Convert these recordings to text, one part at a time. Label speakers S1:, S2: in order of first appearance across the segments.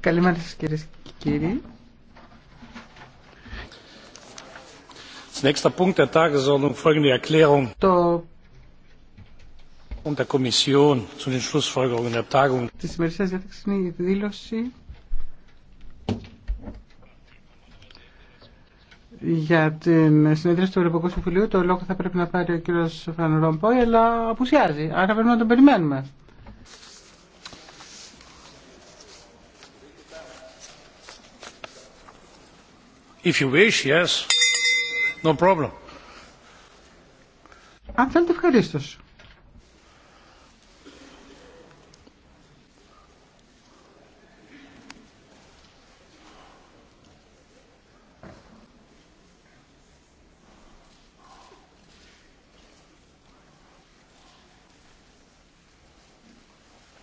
S1: Καλημέρα σας κυρίες και κύριοι. Το und der Της ημερησίας διάταξης είναι η δήλωση
S2: για την συνεδρίαση του Ευρωπαϊκού Συμφουλίου. Το λόγο θα πρέπει να πάρει ο κύριος Φαν Ρομπόη, αλλά απουσιάζει. Άρα πρέπει να τον περιμένουμε.
S1: If you wish, yes. No problem. Αν θέλετε ευχαριστώ.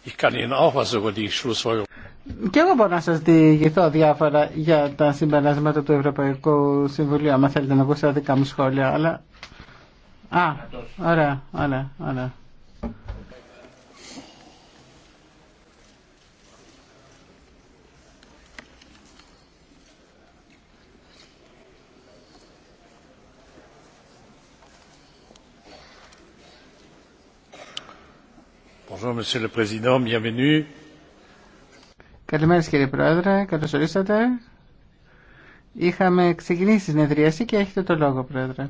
S1: Ich kann Ihnen auch was über die Schlussfolgerung
S2: και εγώ μπορώ να σας διηγηθώ διάφορα για τα συμπεράσματα του Ευρωπαϊκού Συμβουλίου, άμα θέλετε να ακούσετε δικά μου σχόλια, αλλά... Α, ωραία, ωραία, ωραία.
S1: Bonjour Monsieur le Président, bienvenue.
S2: Καλημέρα κύριε Πρόεδρε, καλώ ορίσατε. Είχαμε ξεκινήσει τη συνεδρίαση και έχετε το λόγο Πρόεδρε.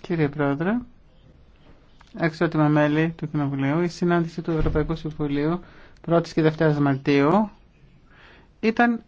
S2: Κύριε Πρόεδρε, εξότιμα μέλη του Κοινοβουλίου, η συνάντηση του Ευρωπαϊκού Συμβουλίου 1η και 2η Μαρτίου ήταν